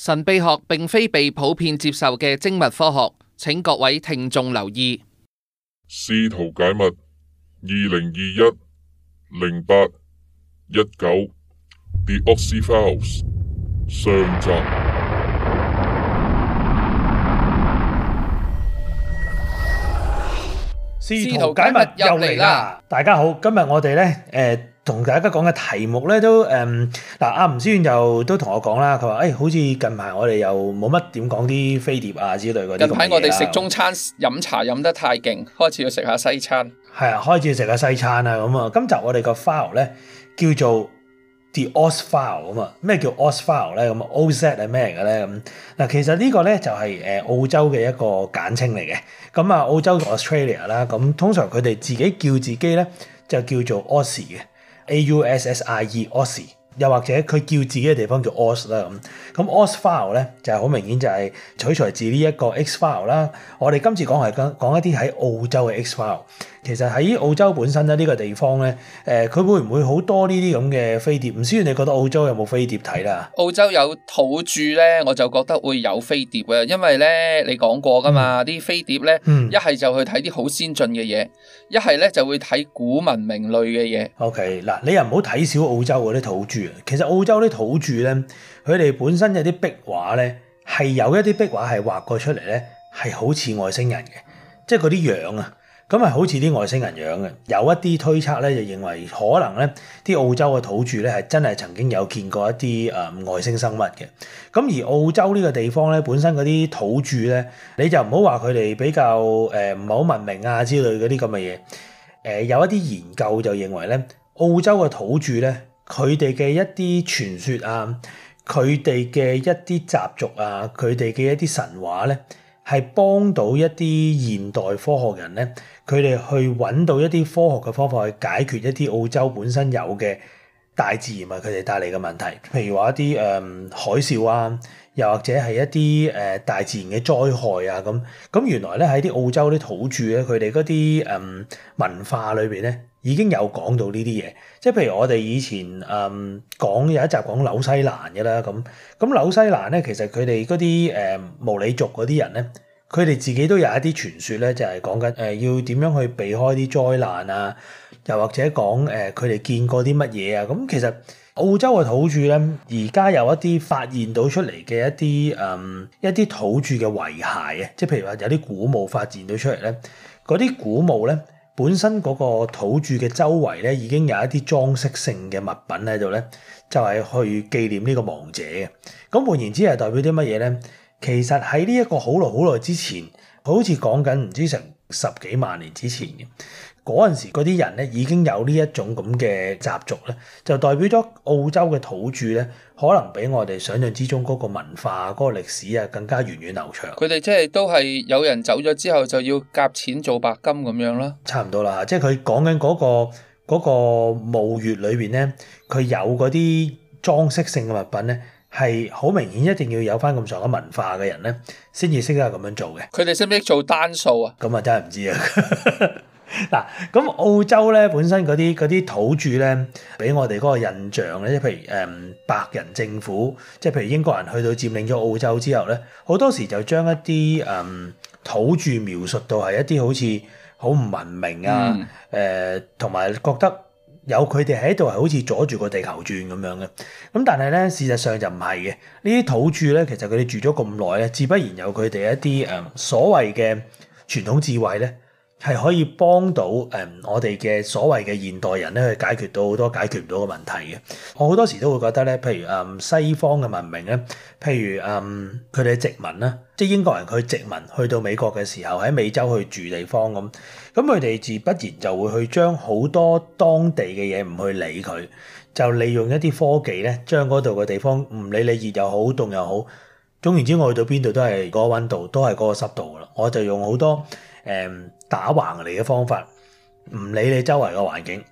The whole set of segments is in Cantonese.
神秘學並非被普遍接受嘅精密科學，請各位聽眾留意。試圖解密二零二一零八一九 The Oz Files 上集。試圖解密又嚟啦！大家好，今日我哋咧誒。呃同大家講嘅題目咧都誒，嗱阿吳思遠就都同我講啦，佢話誒好似近排我哋又冇乜點講啲飛碟啊之類嗰啲咁嘅嘢啦。咁喺我哋食中餐飲茶飲得太勁，開始要食下西餐。係啊，開始要食下西餐啊咁啊。今集我哋嘅 file 咧叫做 The Oz File 咁啊。咩叫 Oz File 咧？咁啊，Oz 係咩嚟嘅咧？咁嗱，其實呢個咧就係誒澳洲嘅一個簡稱嚟嘅。咁啊，澳洲 Australia 啦，咁通常佢哋自己叫自己咧就叫做 Oz 嘅。Aussie、Ozzie，又或者佢叫自己嘅地方叫 Oz 啦咁，咁 Oz File 咧就係好明顯就係取材自呢一個 X File 啦。我哋今次講係講講一啲喺澳洲嘅 X File。其實喺澳洲本身咧呢個地方咧，誒、呃、佢會唔會好多呢啲咁嘅飛碟？唔知你覺得澳洲有冇飛碟睇啦？澳洲有土著咧，我就覺得會有飛碟呀，因為咧你講過㗎嘛，啲、嗯、飛碟咧一係就去睇啲好先進嘅嘢，一係咧就會睇古文明類嘅嘢。OK，嗱你又唔好睇小澳洲嗰啲土著啊！其實澳洲啲土著咧，佢哋本身有啲壁畫咧，係有一啲壁畫係畫過出嚟咧，係好似外星人嘅，即係嗰啲樣啊。咁係好似啲外星人樣嘅，有一啲推測咧就認為可能咧啲澳洲嘅土著咧係真係曾經有見過一啲誒、呃、外星生物嘅。咁而澳洲呢個地方咧本身嗰啲土著咧，你就唔好話佢哋比較誒唔係好文明啊之類嗰啲咁嘅嘢。誒、呃、有一啲研究就認為咧澳洲嘅土著咧，佢哋嘅一啲傳說啊，佢哋嘅一啲習俗啊，佢哋嘅一啲神話咧，係幫到一啲現代科學人咧，佢哋去揾到一啲科學嘅方法去解決一啲澳洲本身有嘅大自然啊，佢哋帶嚟嘅問題，譬如話一啲誒、嗯、海嘯啊，又或者係一啲誒、呃、大自然嘅災害啊咁。咁原來咧喺啲澳洲啲土著咧，佢哋嗰啲誒文化裏邊咧。已經有講到呢啲嘢，即係譬如我哋以前誒講、嗯、有一集講紐西蘭嘅啦，咁咁紐西蘭咧，其實佢哋嗰啲誒毛里族嗰啲人咧，佢哋自己都有一啲傳說咧，就係講緊誒要點樣去避開啲災難啊，又或者講誒佢哋見過啲乜嘢啊，咁、嗯、其實澳洲嘅土著咧，而家有一啲發現到出嚟嘅一啲誒、嗯、一啲土著嘅遺骸啊，即係譬如話有啲古墓發現到出嚟咧，嗰啲古墓咧。本身嗰個土著嘅周圍咧，已經有一啲裝飾性嘅物品喺度咧，就係、是、去紀念呢個亡者嘅。咁換言之係代表啲乜嘢咧？其實喺呢一個好耐好耐之前，佢好似講緊唔知成十幾萬年之前嘅。嗰陣時嗰啲人咧已經有呢一種咁嘅習俗咧，就代表咗澳洲嘅土著咧，可能比我哋想象之中嗰個文化、嗰、嗰個歷史啊更加源遠流長。佢哋即係都係有人走咗之後就要夾錢做白金咁樣啦，差唔多啦。即係佢講緊嗰、嗰個嗰、嗰個墓穴裏邊咧，佢有嗰啲裝飾性嘅物品咧，係好明顯一定要有翻咁上下文化嘅人咧，先至識得咁樣做嘅。佢哋識唔識做單數啊？咁啊，真係唔知啊！ 嗱，咁澳洲咧本身嗰啲啲土著咧，俾我哋嗰個印象咧，即譬如誒、嗯、白人政府，即係譬如英國人去到佔領咗澳洲之後咧，好多時就將一啲誒、嗯、土著描述到係一啲好似好唔文明啊，誒同埋覺得有佢哋喺度係好似阻住個地球轉咁樣嘅。咁但係咧，事實上就唔係嘅，呢啲土著咧其實佢哋住咗咁耐咧，自不然有佢哋一啲誒、嗯、所謂嘅傳統智慧咧。係可以幫到誒、嗯、我哋嘅所謂嘅現代人咧去解決到好多解決唔到嘅問題嘅。我好多時都會覺得咧，譬如誒、嗯、西方嘅文明咧，譬如誒佢哋殖民啦，即係英國人佢殖民去到美國嘅時候喺美洲去住地方咁，咁佢哋自不然就會去將好多當地嘅嘢唔去理佢，就利用一啲科技咧將嗰度嘅地方唔理你熱又好凍又好，總言之我去到邊度都係嗰個溫度，都係嗰個濕度噶啦。我就用好多。誒打橫嚟嘅方法，唔理你周圍嘅環境，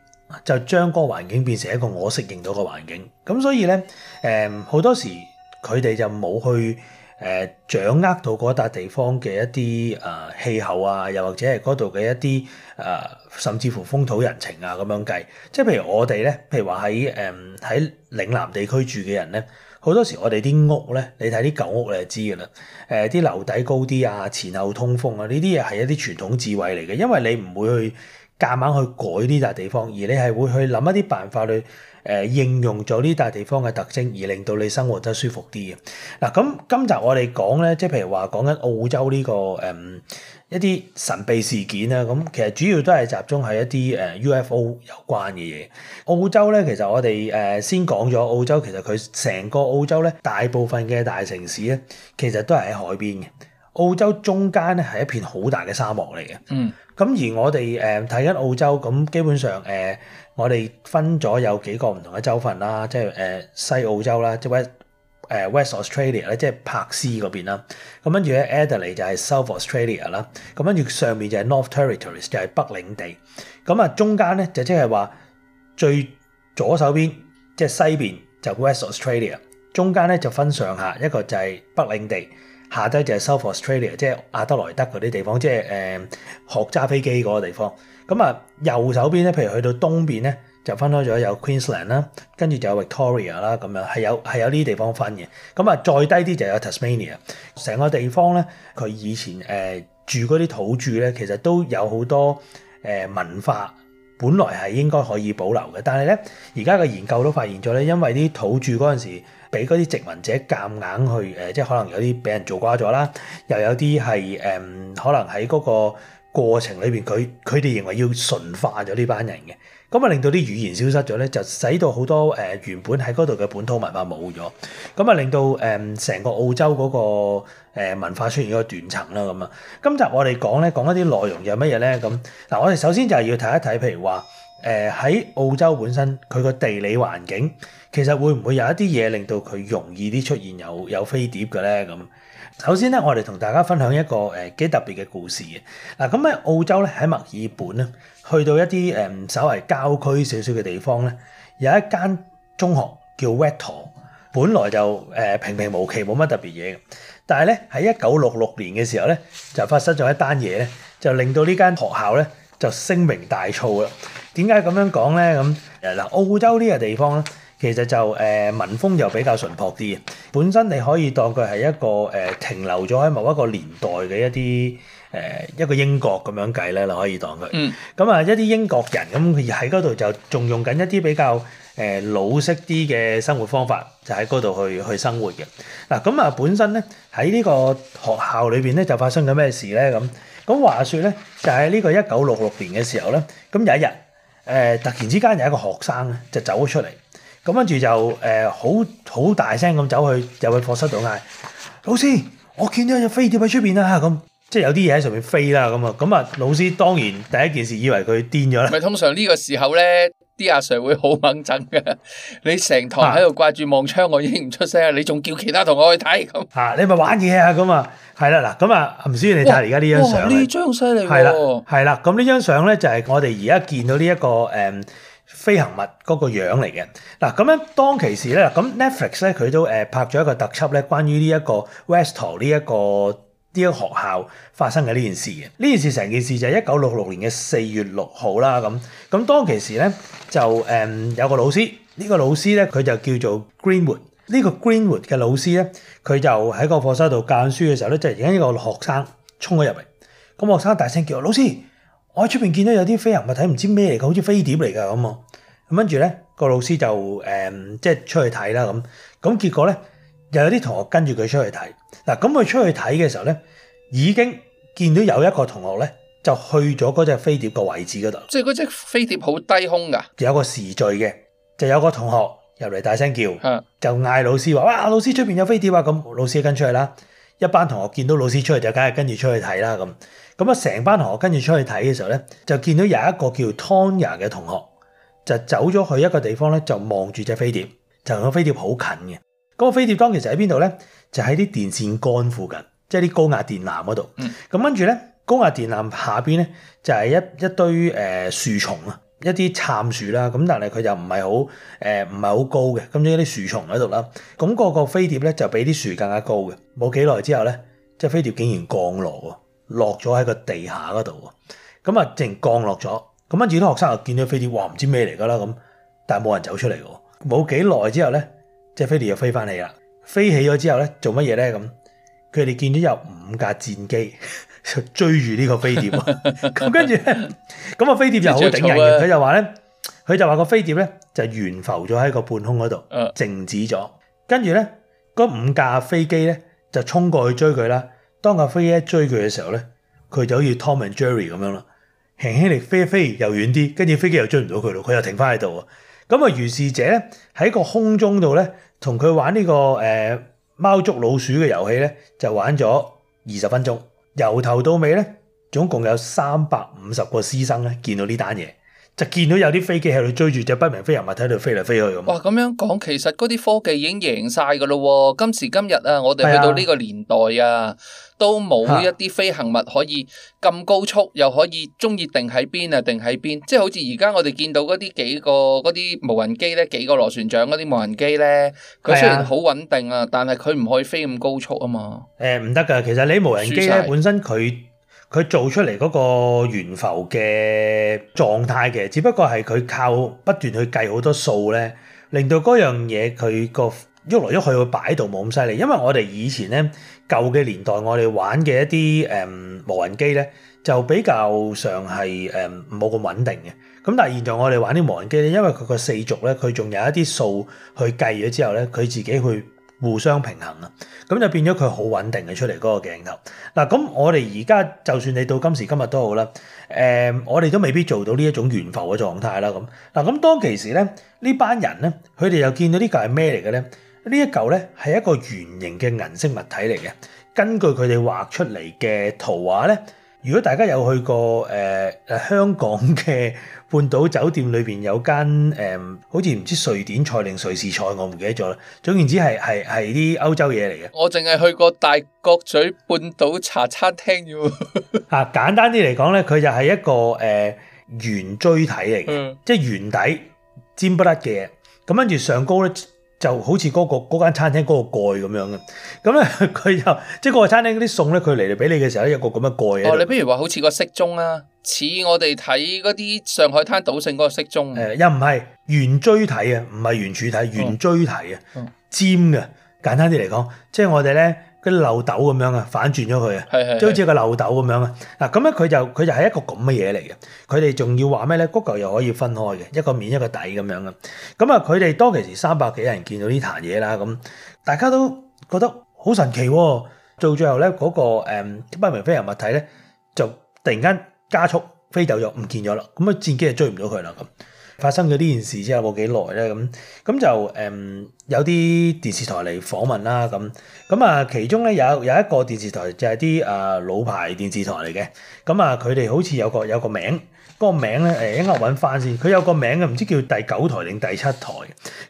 就將嗰個環境變成一個我適應到嘅環境。咁所以咧，誒好多時佢哋就冇去誒掌握到嗰笪地方嘅一啲誒氣候啊，又或者係嗰度嘅一啲誒，甚至乎風土人情啊咁樣計。即係譬如我哋咧，譬如話喺誒喺嶺南地區住嘅人咧。好多時我哋啲屋咧，你睇啲舊屋你就知㗎喇。誒、呃，啲樓底高啲啊，前後通風啊，呢啲嘢係一啲傳統智慧嚟嘅。因為你唔會去夾硬去改呢笪地方，而你係會去諗一啲辦法去誒、呃、應用咗呢笪地方嘅特徵，而令到你生活得舒服啲嘅。嗱、啊，咁今集我哋講咧，即係譬如話講緊澳洲呢、這個誒。嗯一啲神秘事件啦，咁其實主要都係集中喺一啲誒 UFO 有關嘅嘢。澳洲咧，其實我哋誒先講咗澳洲，其實佢成個澳洲咧，大部分嘅大城市咧，其實都係喺海邊嘅。澳洲中間咧係一片好大嘅沙漠嚟嘅。嗯。咁而我哋誒睇緊澳洲，咁基本上誒我哋分咗有幾個唔同嘅州份啦，即係誒西澳洲啦，即係。誒 West Australia 咧，即係柏斯嗰邊啦。咁跟住咧 Adelaide 就係 South Australia 啦。咁跟住上面就係 North Territories，就係北領地。咁啊，中間咧就即係話最左手邊即係西邊就係 West Australia。中間咧就分上下，一個就係北領地，下低就係 South Australia，即係亞德萊德嗰啲地方，即係誒學揸飛機嗰個地方。咁啊，右手邊咧，譬如去到東邊咧。就分開咗有 Queensland 啦，跟住就有 Victoria 啦，咁樣係有係有呢啲地方分嘅。咁啊，再低啲就有 Tasmania。成個地方咧，佢以前誒、呃、住嗰啲土著咧，其實都有好多誒、呃、文化，本來係應該可以保留嘅。但係咧，而家嘅研究都發現咗咧，因為啲土著嗰陣時俾嗰啲殖民者夾硬、硬去誒、呃，即係可能有啲俾人做瓜咗啦，又有啲係誒可能喺嗰、那個。過程裏邊，佢佢哋認為要純化咗呢班人嘅，咁啊令到啲語言消失咗咧，就使到好多誒、呃、原本喺嗰度嘅本土文化冇咗，咁啊令到誒成、呃、個澳洲嗰、那個、呃、文化出現一個斷層啦咁啊。今集我哋講咧講一啲內容有乜嘢咧？咁嗱，我哋首先就係要睇一睇，譬如話誒喺澳洲本身佢個地理環境，其實會唔會有一啲嘢令到佢容易啲出現有有飛碟嘅咧？咁。首先咧，我哋同大家分享一個誒幾特別嘅故事嘅。嗱，咁喺澳洲咧，喺墨爾本咧，去到一啲誒稍為郊區少少嘅地方咧，有一間中學叫 Westall，本來就誒平平無奇，冇乜特別嘢嘅。但係咧，喺一九六六年嘅時候咧，就發生咗一單嘢咧，就令到呢間學校咧就聲名大噪啦。點解咁樣講咧？咁誒嗱，澳洲呢個地方咧。其實就誒、呃、文風又比較淳樸啲嘅，本身你可以當佢係一個誒、呃、停留咗喺某一個年代嘅一啲誒、呃、一個英國咁樣計咧，你可以當佢、嗯嗯。嗯。咁啊，一啲英國人咁，佢喺嗰度就仲用緊一啲比較誒、呃、老式啲嘅生活方法，就喺嗰度去去生活嘅。嗱咁啊、嗯，本身咧喺呢個學校裏邊咧就發生緊咩事咧？咁、嗯、咁話說咧，就喺、是、呢個一九六六年嘅時候咧，咁、嗯、有一日誒、呃、突然之間有一個學生咧就走咗出嚟。咁跟住就誒好好大聲咁走去入去課室度嗌，老師，我見到有飛碟喺出邊啦！咁即係有啲嘢喺上面飛啦咁啊！咁啊，老師當然第一件事以為佢癲咗啦。咪通常呢個時候咧，啲阿 sir 會好掹憎㗎。你成堂喺度掛住望窗，我已經唔出聲啦。你仲叫其他同學去睇咁啊？你咪玩嘢啊咁啊？係啦嗱，咁啊，唔知你睇而家呢張相，呢張犀利喎。係啦，咁呢張相咧就係我哋而家見到呢一個誒。飛行物嗰個樣嚟嘅嗱，咁樣當其時咧，咁 Netflix 咧佢都誒拍咗一個特輯咧，關於呢一個 Westall 呢、呢、一個啲、呢個、學校發生嘅呢件事嘅。呢件事成件事就係一九六六年嘅四月六號啦，咁咁當其時咧就誒有個老師，呢、呢個老師咧佢就叫做 Greenwood，呢、呢個 Greenwood 嘅老師咧佢就喺個課室度教書嘅時候咧，就而家呢個學生衝咗入嚟，咁學生大聲叫老師。我喺出邊見到有啲飛行物體唔知咩嚟嘅，好似飛碟嚟㗎咁。咁跟住咧，個老師就誒、呃、即係出去睇啦咁。咁結果咧又有啲同學跟住佢出去睇。嗱咁佢出去睇嘅時候咧，已經見到有一個同學咧就去咗嗰隻飛碟個位置嗰度。即係嗰隻飛碟好低空㗎。有個時序嘅，就有個同學入嚟大聲叫，就嗌老師話：哇，老師出邊有飛碟啊！咁老師跟出去啦。一班同學見到老師出嚟，就梗係跟住出去睇啦咁，咁啊成班同學跟住出去睇嘅時候咧，就見到有一個叫 Tonya 嘅同學就走咗去一個地方咧，就望住隻飛碟，就同個飛碟好近嘅。嗰、那個飛碟當其時喺邊度咧？就喺、是、啲電線桿附近，即係啲高壓電纜嗰度。咁、嗯、跟住咧，高壓電纜下邊咧就係一一堆誒、呃、樹叢啊。一啲杉樹啦，咁但係佢就唔係好，誒唔係好高嘅，咁啲一啲樹叢喺度啦，咁、那個個飛碟咧就比啲樹更加高嘅，冇幾耐之後咧，即係飛碟竟然降落喎，落咗喺個地下嗰度喎，咁啊突然降落咗，咁跟住啲學生又見到飛碟，哇唔知咩嚟噶啦咁，但係冇人走出嚟嘅，冇幾耐之後咧，即係飛碟又飛翻嚟啦，飛起咗之後咧做乜嘢咧咁，佢哋見咗有五架戰機，追住呢個飛碟， 啊。咁跟住咧，咁個飛碟又好頂人嘅，佢、啊、就話咧，佢就話個飛碟咧就懸浮咗喺個半空嗰度，靜止咗。跟住咧，嗰、那個、五架飛機咧就衝過去追佢啦。當架飛機一追佢嘅時候咧，佢就好似 Tom and Jerry 咁樣咯，輕輕力飛飛又遠啲，跟住飛機又追唔到佢咯，佢又停翻喺度啊。咁啊，如是者咧喺個空中度咧，同佢玩呢個誒貓捉老鼠嘅遊戲咧，就玩咗二十分鐘。由頭到尾咧，總共有三百五十個師生咧見到呢單嘢。就見到有啲飛機喺度追住只不明飛行物喺度飛嚟飛去咁。哇！咁樣講，其實嗰啲科技已經贏晒㗎咯喎！今時今日啊，我哋去到呢個年代啊，啊都冇一啲飛行物可以咁高速，啊、又可以中意定喺邊啊，定喺邊？即係好似而家我哋見到嗰啲幾個嗰啲無人機咧，幾個螺旋槳嗰啲無人機咧，佢雖然好穩定啊，啊但係佢唔可以飛咁高速啊嘛。誒唔得㗎，其實你啲無人機咧本身佢。佢做出嚟嗰個懸浮嘅狀態嘅，只不過係佢靠不斷去計好多數咧，令到嗰樣嘢佢個喐嚟喐去會擺到冇咁犀利。因為我哋以前咧舊嘅年代我，我哋玩嘅一啲誒無人機咧，就比較上係誒冇咁穩定嘅。咁但係現在我哋玩啲無人機咧，因為佢個四軸咧，佢仲有一啲數去計咗之後咧，佢自己去。互相平衡啦，咁就變咗佢好穩定嘅出嚟嗰個鏡頭。嗱，咁我哋而家就算你到今時今日都好啦，誒、呃，我哋都未必做到呢一種懸浮嘅狀態啦。咁，嗱，咁當其時咧，呢班人咧，佢哋又見到呢嚿係咩嚟嘅咧？呢一嚿咧係一個圓形嘅銀色物體嚟嘅，根據佢哋畫出嚟嘅圖畫咧。如果大家有去過誒誒、呃、香港嘅半島酒店裏邊有間誒、呃，好似唔知瑞典菜定瑞士菜，我唔記得咗啦。總言之係係係啲歐洲嘢嚟嘅。我淨係去過大角咀半島茶餐廳啫喎。 啊，簡單啲嚟講咧，佢就係一個誒、呃、圓錐體嚟嘅，嗯、即係圓底尖不甩嘅，咁跟住上高咧。就好似嗰、嗰個間餐廳嗰個蓋咁樣嘅，咁咧佢又即係個餐廳嗰啲餸咧，佢嚟嚟俾你嘅時候咧，有個咁嘅蓋嘅。哦，你不如話好似個骰盅啊，似我哋睇嗰啲上海灘賭聖嗰個骰盅、啊嗯。又唔係圓錐體啊，唔係圓柱體，圓錐體啊，嗯、尖嘅。簡單啲嚟講，即係我哋咧。嗰漏斗咁樣啊，反轉咗佢啊，即係好似個漏斗咁樣啊。嗱咁咧，佢就佢就係一個咁嘅嘢嚟嘅。佢哋仲要話咩咧？嗰嚿又可以分開嘅，一個面一個底咁樣嘅。咁啊，佢哋當其時三百幾人見到呢壇嘢啦，咁大家都覺得好神奇。到最後咧、那個，嗰個誒不明飛行物體咧，就突然間加速飛走咗，唔見咗啦。咁啊，戰機就追唔到佢啦咁。發生咗呢件事之後冇幾耐咧，咁咁就誒、嗯、有啲電視台嚟訪問啦，咁咁啊，其中咧有有一個電視台就係啲誒老牌電視台嚟嘅。咁啊佢哋好似有個有個名，嗰、那個名咧誒應該我揾翻先，佢有個名嘅，唔知叫第九台定第七台，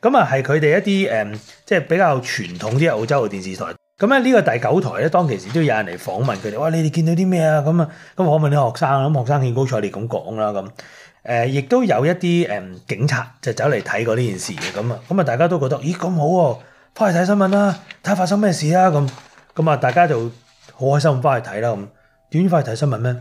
咁啊係佢哋一啲誒即係比較傳統啲澳洲嘅電視台，咁咧呢個第九台咧當其時都有人嚟訪問佢哋，哇，你哋見到啲咩啊？咁啊咁訪問啲學生，咁、嗯、學生興高采烈咁講啦咁。誒，亦都有一啲誒警察就走嚟睇過呢件事嘅咁啊，咁啊，大家都覺得咦咁好喎，翻去睇新聞啦，睇下發生咩事啊咁，咁啊，大家就好開心咁翻去睇啦咁，點解翻去睇新聞咩？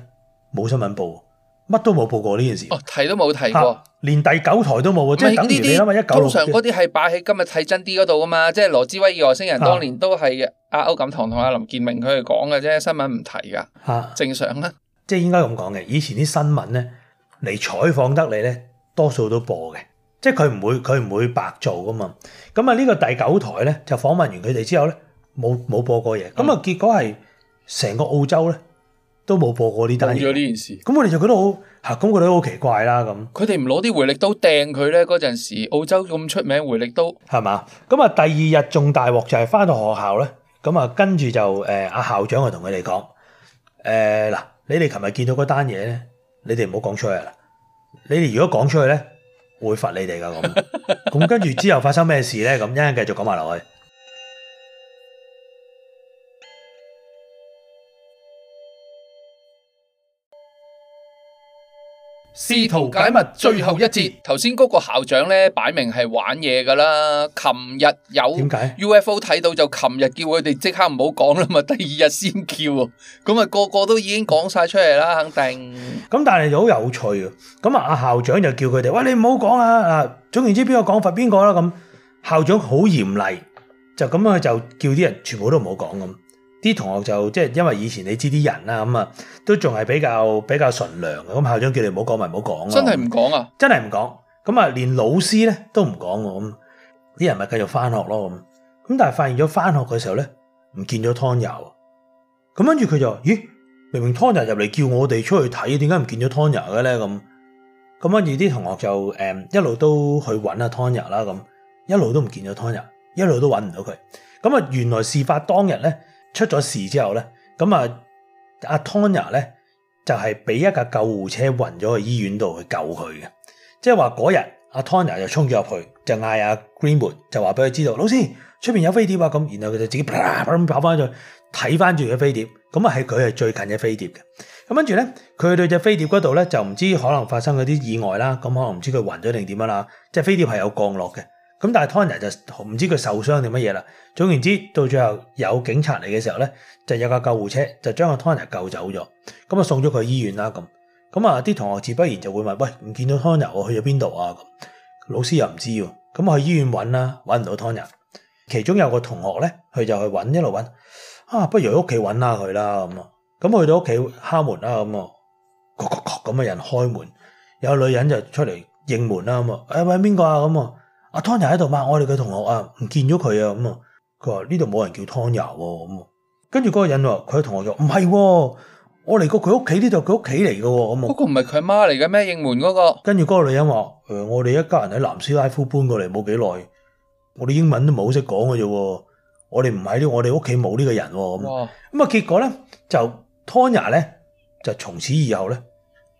冇新聞報，乜都冇報過呢件事。哦，提都冇提過，連第九台都冇啊！即係等呢啲，通常嗰啲係擺喺今日睇真啲嗰度噶嘛，即係羅茲威爾外星人，當年都係阿歐錦棠同阿林建明佢哋講嘅啫，新聞唔提噶嚇，正常啦，即係應該咁講嘅。以前啲新聞咧。嚟採訪得你咧，多數都播嘅，即係佢唔會佢唔會白做噶嘛。咁啊呢個第九台咧就訪問完佢哋之後咧，冇冇播過嘢。咁啊、嗯、結果係成個澳洲咧都冇播過呢單。咗呢件事，咁我哋就覺得好嚇，咁、啊、覺得好奇怪啦咁。佢哋唔攞啲回力刀掟佢咧嗰陣時，時，澳洲咁出名回力刀係嘛？咁啊第二日仲大鑊就係、是、翻到學校咧，咁啊跟住就誒阿、呃、校長就同佢哋講誒嗱，你哋琴日見到嗰單嘢咧，你哋唔好講出去啦。你哋如果講出去咧，我會罰你哋㗎。咁。咁 跟住之後發生咩事咧？咁一陣繼續講埋落去。試圖解密最後一節，頭先嗰個校長咧擺明係玩嘢噶啦。琴日有點解 UFO 睇到就，琴日叫佢哋即刻唔好講啦，嘛，第二日先叫，咁啊個個都已經講晒出嚟啦，肯定。咁但係好有趣啊！咁啊阿校長就叫佢哋，喂你唔好講啊啊！總言之法，邊個講罰邊個啦咁。校長好嚴厲，就咁樣就叫啲人全部都唔好講咁。啲同學就即係因為以前你知啲人啦咁啊，都仲係比較比較純良嘅，咁校長叫你唔好講咪唔好講咯。真係唔講啊！真係唔講，咁啊連老師咧都唔講，咁啲人咪繼續翻學咯。咁咁但係發現咗翻學嘅時候咧，唔見咗 Tonya。咁跟住佢就咦，明明 Tonya 入嚟叫我哋出去睇，點解唔見咗 Tonya 嘅咧？咁咁跟住啲同學就誒、嗯、一路都去揾啊 Tonya 啦，咁一路都唔見咗 Tonya，一路都揾唔到佢。咁啊原來事發當日咧。出咗事之後咧，咁啊阿 Toner 咧就係俾一架救護車暈咗去醫院度去救佢嘅，即係話嗰日阿 Toner 就衝咗入去，就嗌阿 Greenwood 就話俾佢知道，老師出面有飛碟啊，咁然後佢就自己跑翻去睇翻住個飛碟，咁啊係佢係最近嘅飛碟嘅，咁跟住咧佢對隻飛碟嗰度咧就唔知可能發生嗰啲意外啦，咁可能唔知佢暈咗定點樣啦，即係飛碟係有降落嘅。咁但係 Toner 就唔知佢受傷定乜嘢啦。總言之，到最後有警察嚟嘅時候咧，就有架救護車就將個 Toner 救走咗。咁啊送咗佢去醫院啦。咁咁啊啲同學自不然就會問：喂，唔見到 Toner 我去咗邊度啊？老師又唔知。咁去醫院揾啦，揾唔到 Toner。其中有個同學咧，佢就去揾一路揾。啊，不如喺屋企揾下佢啦。咁啊，咁去到屋企敲門啦。咁啊，咁有嘅人開門，有女人就出嚟應門啦。咁啊，誒喂，邊個啊？咁啊。阿 Tony 喺度問我哋嘅同學啊，唔見咗佢啊咁啊，佢話呢度冇人叫 Tony 喎咁啊，跟住嗰個人話佢同學就唔係，我嚟過佢屋企呢度，佢屋企嚟嘅咁啊，嗰個唔係佢媽嚟嘅咩應門嗰、那個？跟住嗰個女人話誒、呃，我哋一家人喺南斯拉夫搬過嚟冇幾耐，我哋英文都冇識講嘅啫，我哋唔喺呢，我哋屋企冇呢個人咁啊，咁啊結果咧就 Tony 咧就從此以後咧。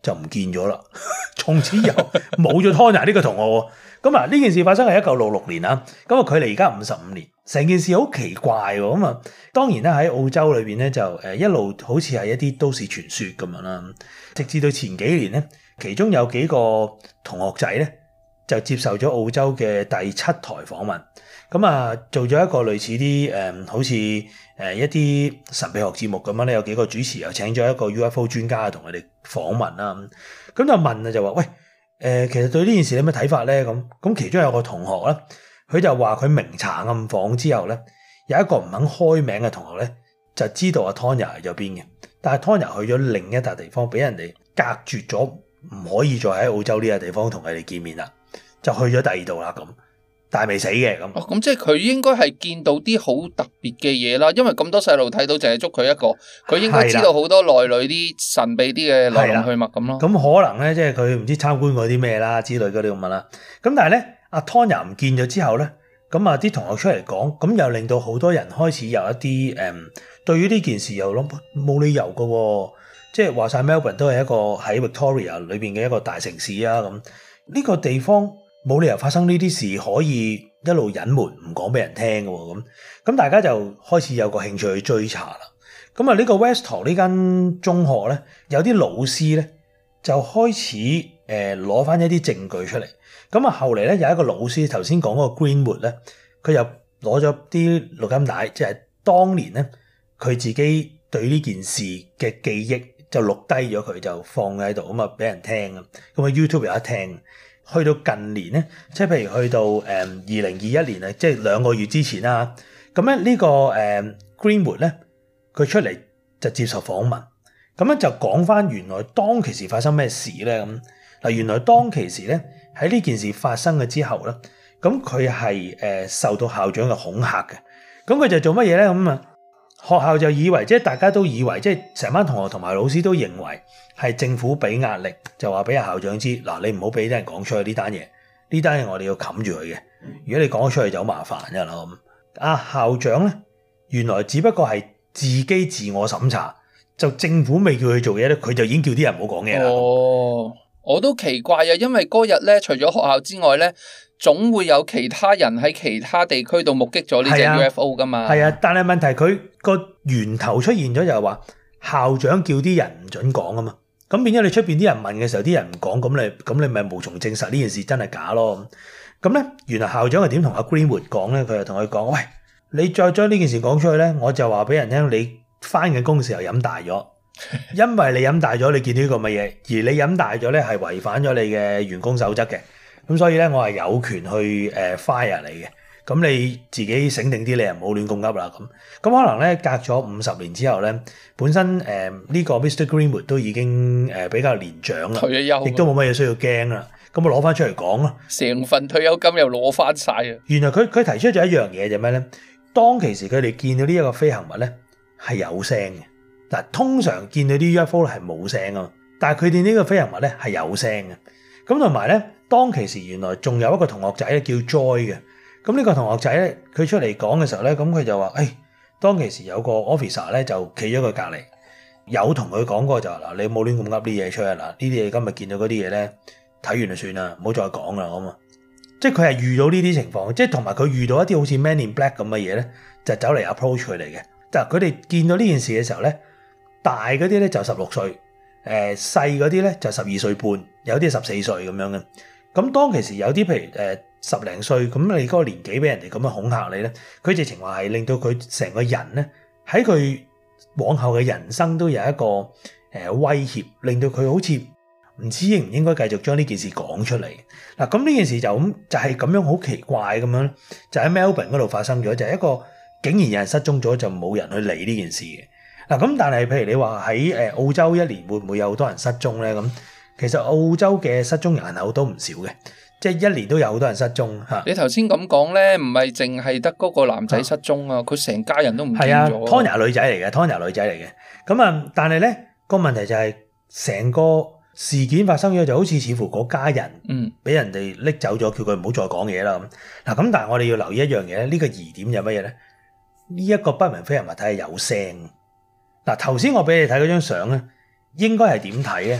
就唔見咗啦， 從此以後冇咗 Tony 呢個同學喎。咁、嗯、啊，呢件事發生係一九六六年啊，咁啊佢離而家五十五年，成、嗯、件事好奇怪喎。咁、嗯、啊，當然咧喺澳洲裏邊咧就誒一路好似係一啲都市傳說咁樣啦。直至到前幾年咧，其中有幾個同學仔咧就接受咗澳洲嘅第七台訪問，咁、嗯、啊做咗一個類似啲誒、嗯、好似。誒一啲神秘學節目咁樣咧，有幾個主持又請咗一個 UFO 專家同佢哋訪問啦。咁就問啊，就話喂，誒、呃、其實對呢件事有咩睇法咧？咁咁其中有個同學咧，佢就話佢明查暗訪之後咧，有一個唔肯開名嘅同學咧，就知道阿 Tony 喺咗邊嘅，但係 Tony 去咗另一笪地方，俾人哋隔絕咗，唔可以再喺澳洲呢個地方同佢哋見面啦，就去咗第二度啦咁。大未死嘅咁，哦咁即係佢應該係見到啲好特別嘅嘢啦，因為咁多細路睇到，淨係捉佢一個，佢應該知道好多內裏啲神秘啲嘅來龍去脈咁咯。咁的樣可能咧，即係佢唔知參觀過啲咩啦之類嗰啲咁樣啦。咁但係咧，阿 Tony 唔見咗之後咧，咁啊啲同學出嚟講，咁又令到好多人開始有一啲誒、嗯，對於呢件事又諗冇理由嘅喎、哦。即係話晒 Melbourne 都係一個喺 Victoria 裏邊嘅一個大城市啊咁，呢個地方。冇理由發生呢啲事，可以一路隱瞞唔講俾人聽嘅喎，咁咁大家就開始有個興趣去追查啦。咁啊，呢個 Westall 呢間中學咧，有啲老師咧就開始誒攞翻一啲證據出嚟。咁啊，後嚟咧有一個老師頭先講嗰個 Greenwood 咧，佢又攞咗啲錄音帶，即係當年咧佢自己對呢件事嘅記憶就錄低咗，佢就放喺度咁啊，俾人聽啊。咁啊 YouTube 有一聽。去到近年咧，即係譬如去到誒二零二一年咧，即係兩個月之前啦。咁咧呢個誒 Greenwood 咧，佢出嚟就接受訪問，咁咧就講翻原來當其時發生咩事咧咁。嗱原來當其時咧喺呢件事發生嘅之後咧，咁佢係誒受到校長嘅恐嚇嘅，咁佢就做乜嘢咧咁啊？學校就以為，即係大家都以為，即係成班同學同埋老師都認為係政府俾壓力，就話俾阿校長知嗱，你唔好俾啲人講出去呢單嘢，呢單嘢我哋要冚住佢嘅。如果你講咗出去就好麻煩㗎啦。咁阿、啊、校長咧，原來只不過係自己自我審查，就政府未叫佢做嘢咧，佢就已經叫啲人唔好講嘢啦。哦，我都奇怪啊，因為嗰日咧，除咗學校之外咧。總會有其他人喺其他地區度目擊咗呢隻 UFO 噶嘛？係啊，啊，但係問題，佢個源頭出現咗就係話校長叫啲人唔准講啊嘛。咁變咗你出邊啲人問嘅時候，啲人唔講，咁你咁你咪無從證實呢件事真係假咯。咁咧，原來校長係點同阿 Greenwood 講咧？佢就同佢講：喂，你再將呢件事講出去咧，我就話俾人聽你翻緊工嘅時候飲大咗，因為你飲大咗，你見到呢個乜嘢，而你飲大咗咧係違反咗你嘅員工守則嘅。咁所以咧，我係有權去誒 fire 你嘅。咁你自己醒定啲，你又唔好亂咁噏啦。咁咁可能咧，隔咗五十年之後咧，本身誒呢、呃這個 Mr. Greenwood 都已經誒、呃、比較年長啦，退咗休，亦都冇乜嘢需要驚啦。咁、嗯、我攞翻出嚟講咯，成份退休金又攞翻晒。啊！原來佢佢提出咗一樣嘢就咩咧？當其時佢哋見到呢一個飛行物咧係有聲嘅。嗱，通常見到啲 UFO 咧係冇聲啊，但係佢哋呢個飛行物咧係有聲嘅。咁同埋咧。當其時，原來仲有一個同學仔叫 Joy 嘅。咁、這、呢個同學仔咧，佢出嚟講嘅時候咧，咁佢就話，誒、哎，當其時有個 Officer 咧就企咗佢隔籬，有同佢講過就話，嗱，你冇亂咁噏啲嘢出嚟，嗱呢啲嘢今日見到嗰啲嘢咧，睇完就算啦，唔好再講啦，好嘛？即係佢係遇到呢啲情況，即係同埋佢遇到一啲好似 Man in Black 咁嘅嘢咧，就走嚟 approach 佢嚟嘅。嗱，佢哋見到呢件事嘅時候咧，大嗰啲咧就十六歲，誒細嗰啲咧就十二歲半，有啲十四歲咁樣嘅。咁當其時有啲譬如誒十零歲，咁你嗰個年紀俾人哋咁樣恐嚇你咧，佢直情話係令到佢成個人咧喺佢往後嘅人生都有一個誒威脅，令到佢好似唔知應唔應該繼續將呢件事講出嚟。嗱，咁呢件事就咁就係咁樣好奇怪咁樣，就喺、是就是、Melbourne 嗰度發生咗，就係、是、一個竟然有人失蹤咗就冇人去理呢件事嘅。嗱，咁但係譬如你話喺誒澳洲一年會唔會有好多人失蹤咧？咁。其實澳洲嘅失蹤人口都唔少嘅，即係一年都有好多人失蹤吓。啊、你頭先咁講咧，唔係淨係得嗰個男仔失蹤啊，佢成、啊、家人都唔見啊 Tanya 女仔嚟嘅 Tanya 女仔嚟嘅。咁啊，但係咧個問題就係成個事件發生咗，就好似似乎嗰家人嗯俾人哋拎走咗，叫佢唔好再講嘢啦咁。嗱咁、嗯，但係我哋要留意一樣嘢咧，呢、這個疑點就乜嘢咧？呢、這、一個不明飛人物體係有聲。嗱頭先我俾你睇嗰張相咧，應該係點睇咧？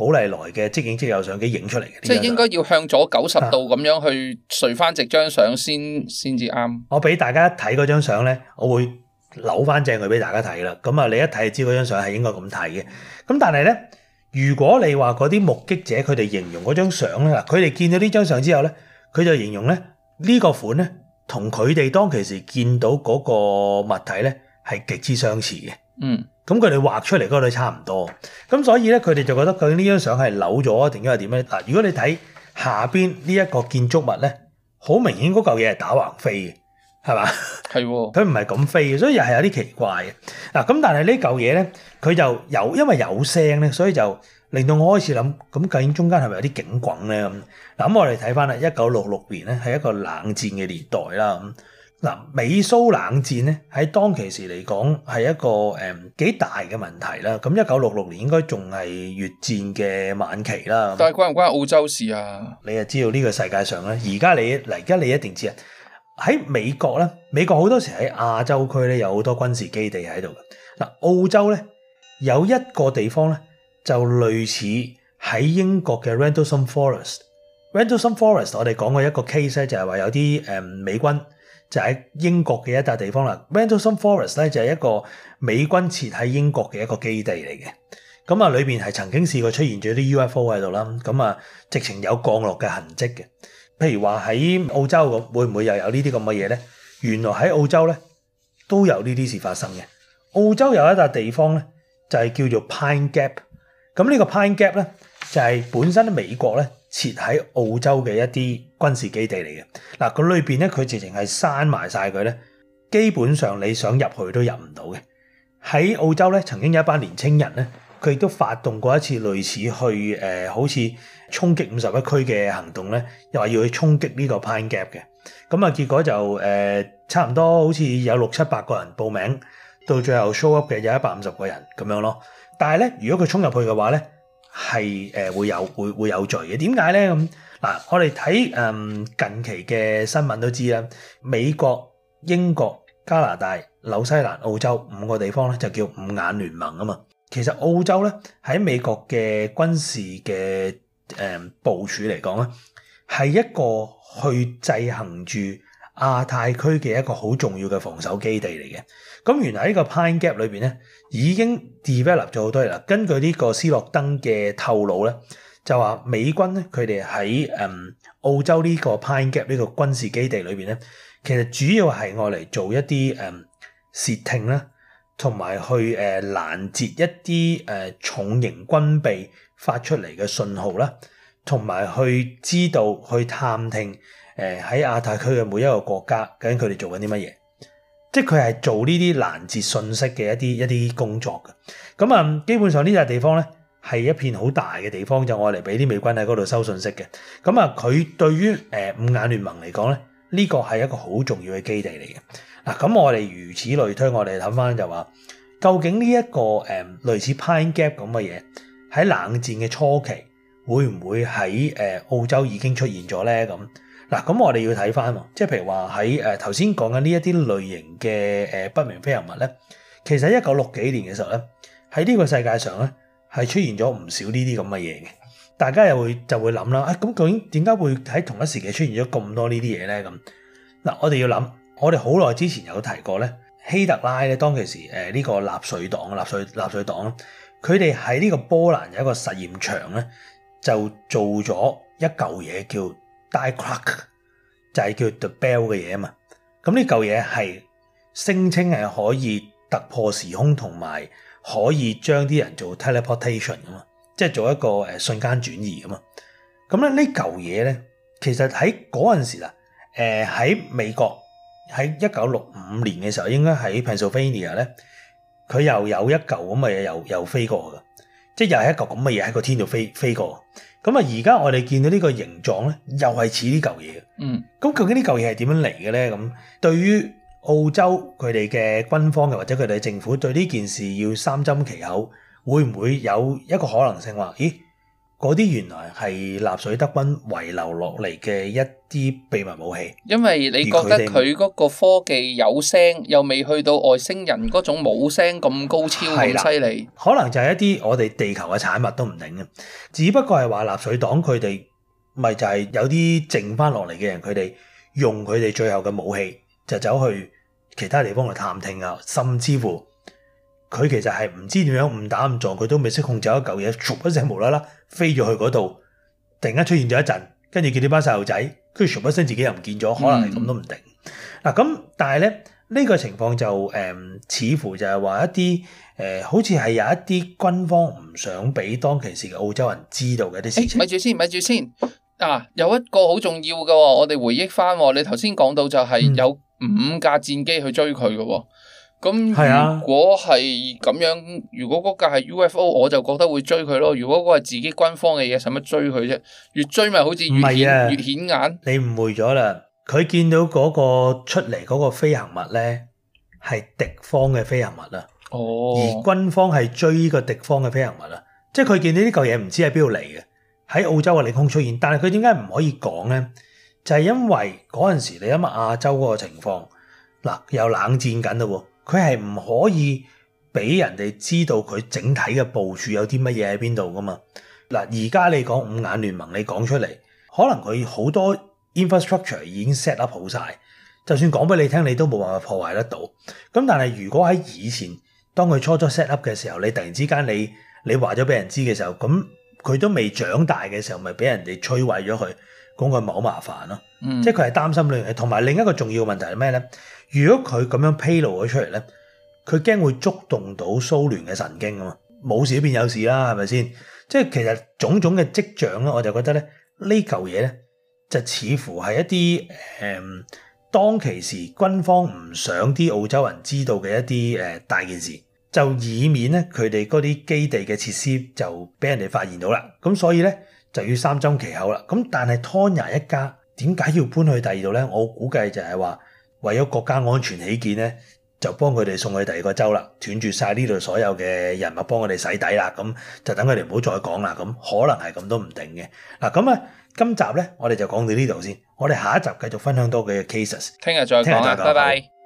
寶麗來嘅即影即有相機影出嚟嘅，即係應該要向左九十度咁樣去垂翻直張相先先至啱。啊，我俾大家睇嗰張相咧，我會扭翻正佢俾大家睇啦。咁啊，你一睇就知嗰張相係應該咁睇嘅。咁但係咧，如果你話嗰啲目擊者佢哋形容嗰張相咧，嗱佢哋見到呢張相之後咧，佢就形容咧呢、呢個款咧同佢哋當其時見到嗰個物體咧係極之相似嘅。嗯。咁佢哋畫出嚟嗰度都差唔多，咁所以咧佢哋就覺得究竟呢張相係扭咗定因為點咧？嗱，如果你睇下邊呢一個建築物咧，好明顯嗰嚿嘢係打橫飛嘅，係嘛？係喎的，佢唔係咁飛嘅，所以又係有啲奇怪嘅。嗱，咁但係呢嚿嘢咧，佢就有因為有聲咧，所以就令到我開始諗，咁究竟中間係咪有啲景轟咧？嗱，咁我哋睇返啦，一九六六年咧係一個冷戰嘅年代啦。嗱，美蘇冷戰咧，喺當其時嚟講係一個誒幾大嘅問題啦。咁一九六六年應該仲係越戰嘅晚期啦。但係關唔關澳洲事啊？你係知道呢個世界上咧，而家你嗱而家你一定知啊，喺美國咧，美國好多時喺亞洲區咧，有好多軍事基地喺度嘅。嗱，澳洲咧，有一個地方咧，就類似喺英國嘅 Rendlesham Forest。Rendlesham Forest 我哋講過一個 case 咧，就係話有啲誒美軍。就喺英國嘅一笪地方啦 Rendlesham Forest 咧，就係一個美軍設喺英國嘅一個基地嚟嘅。咁啊，裏邊係曾經試過出現咗啲 UFO 喺度啦。咁啊，直情有降落嘅痕跡嘅。譬如話喺澳洲，會唔會又有呢啲咁嘅嘢咧？原來喺澳洲咧都有呢啲事發生嘅。澳洲有一笪地方咧，就係、是、叫做 Pine Gap。咁呢個 Pine Gap 咧，就係、是、本身喺美國咧，設喺澳洲嘅一啲軍事基地嚟嘅，嗱，佢裏邊咧，佢直情係閂埋晒佢咧，基本上你想入去都入唔到嘅。喺澳洲咧，曾經有一班年青人咧，佢亦都發動過一次類似去誒、呃，好似衝擊五十一區嘅行動咧，又話要去衝擊呢個 Pine Gap 嘅，咁啊，結果就誒、呃、差唔多好似有六七百個人報名，到最後 show up 嘅有一百五十個人咁樣咯。但係咧，如果佢衝入去嘅話咧，係誒會有會會有罪嘅，點解咧？咁、嗯、嗱，我哋睇誒近期嘅新聞都知啦，美國、英國、加拿大、紐西蘭、澳洲五個地方咧就叫五眼聯盟啊嘛。其實澳洲咧喺美國嘅軍事嘅誒部署嚟講咧，係一個去制衡住。亞太區嘅一個好重要嘅防守基地嚟嘅，咁原來呢個 Pine Gap 裏邊咧已經 develop 咗好多嘢啦。根據呢個斯諾登嘅透露咧，就話美軍咧佢哋喺誒澳洲呢個 Pine Gap 呢個軍事基地裏邊咧，其實主要係愛嚟做一啲誒、嗯、竊聽啦，同埋去誒攔截一啲誒、呃、重型軍備發出嚟嘅信號啦，同埋去知道去探聽。誒喺亞太區嘅每一個國家，究竟佢哋做緊啲乜嘢？即係佢係做呢啲攔截信息嘅一啲一啲工作嘅。咁啊，基本上呢笪地方咧係一片好大嘅地方，就用嚟俾啲美軍喺嗰度收信息嘅。咁啊，佢對於誒、呃、五眼聯盟嚟講咧，呢個係一個好重要嘅基地嚟嘅。嗱，咁我哋如此類推，我哋諗翻就話，究竟呢、這、一個誒、呃、類似 Pine Gap 咁嘅嘢喺冷戰嘅初期會唔會喺誒、呃、澳洲已經出現咗咧？咁？嗱，咁我哋要睇翻喎，即係譬如話喺誒頭先講緊呢一啲類型嘅誒不明飛行物咧，其實一九六幾年嘅時候咧，喺呢個世界上咧係出現咗唔少呢啲咁嘅嘢嘅，大家又會就會諗啦，咁、哎、究竟點解會喺同一時期出現咗咁多呢啲嘢咧？咁嗱，我哋要諗，我哋好耐之前有提過咧，希特拉咧當其時誒呢個納粹黨、納粹納粹黨佢哋喺呢個波蘭有一個實驗場咧，就做咗一嚿嘢叫 Die crack 就係叫 the bell 嘅嘢啊嘛，咁呢嚿嘢係聲稱係可以突破時空同埋可以將啲人做 teleportation 噶嘛，即係做一個誒瞬間轉移噶嘛。咁咧呢嚿嘢咧，其實喺嗰陣時啊，誒喺美國喺一九六五年嘅時候，應該喺 Pennsylvania 咧，佢又有一嚿咁嘅嘢又又飛過嘅，即係又係一個咁嘅嘢喺個天度飛飛過。咁啊！而家我哋見到呢個形狀咧，又係似呢舊嘢嘅。嗯，咁究竟這東西是怎來的呢舊嘢係點樣嚟嘅咧？咁對於澳洲佢哋嘅軍方嘅或者佢哋政府對呢件事要三緘其口，會唔會有一個可能性話，咦？嗰啲原來係納粹德軍遺留落嚟嘅一啲秘密武器，因為你覺得佢嗰個科技有聲，又未去到外星人嗰種冇聲咁高超咁犀利，可能就係一啲我哋地球嘅產物都唔定嘅，只不過係話納粹黨佢哋咪就係有啲剩翻落嚟嘅人，佢哋用佢哋最後嘅武器就走去其他地方去探聽啊，甚至乎。佢其實係唔知點樣誤打誤撞，佢都未識控走一嚿嘢，唰一聲無啦啦飛咗去嗰度，突然間出現咗一陣，跟住見啲班細路仔，跟住唰一聲自己又唔見咗，可能係咁都唔定。嗱咁、嗯啊，但係咧呢、呢個情況就誒、嗯，似乎就係話一啲誒、呃，好似係有一啲軍方唔想俾當其時嘅澳洲人知道嘅啲事情。咪住先，咪住先。嗱、啊，有一個好重要嘅、哦，我哋回憶翻、哦，你頭先講到就係有五架戰機去追佢嘅、哦。嗯嗯咁如果係咁樣，啊，如果嗰架係 UFO，我就覺得會追佢咯。如果嗰個係自己軍方嘅嘢，使乜追佢啫？越追咪好似越顯越顯眼。你誤會咗啦，佢見到嗰個出嚟嗰個飛行物咧，係敵方嘅飛行物啊。哦，而軍方係追呢個敵方嘅飛行物啦，即係佢見到呢嚿嘢唔知喺邊度嚟嘅，喺澳洲嘅領空出現。但係佢點解唔可以講咧？就係、是、因為嗰陣時你諗下亞洲嗰個情況，嗱又冷戰緊咯。佢係唔可以俾人哋知道佢整體嘅部署有啲乜嘢喺邊度噶嘛？嗱，而家你講五眼聯盟，你講出嚟，可能佢好多 infrastructure 已經 set up 好晒，就算講俾你聽，你都冇辦法破壞得到。咁但係如果喺以前，當佢初初 set up 嘅時候，你突然之間你你話咗俾人知嘅時候，咁佢都未長大嘅時候，咪俾人哋摧毀咗佢，講佢咪好麻煩咯。即係佢係擔心呢同埋另一個重要問題係咩咧？如果佢咁樣披露咗出嚟咧，佢驚會觸動到蘇聯嘅神經啊嘛，冇事變有事啦，係咪先？即係其實種種嘅跡象咧，我就覺得咧呢嚿嘢咧，就似乎係一啲誒、呃、當其時軍方唔想啲澳洲人知道嘅一啲誒大件事，就以免咧佢哋嗰啲基地嘅設施就俾人哋發現到啦。咁所以咧就要三緘其口啦。咁但係 Tony 一家。點解要搬去第二度呢？我估計就係話，為咗國家安全起見呢，就幫佢哋送去第二個州啦，斷絕晒呢度所有嘅人物，幫佢哋洗底啦，咁就等佢哋唔好再講啦。咁可能係咁都唔定嘅。嗱，咁啊，今集呢，我哋就講到呢度先，我哋下一集繼續分享多幾嘅 cases。聽日再講，聽日再講，拜拜。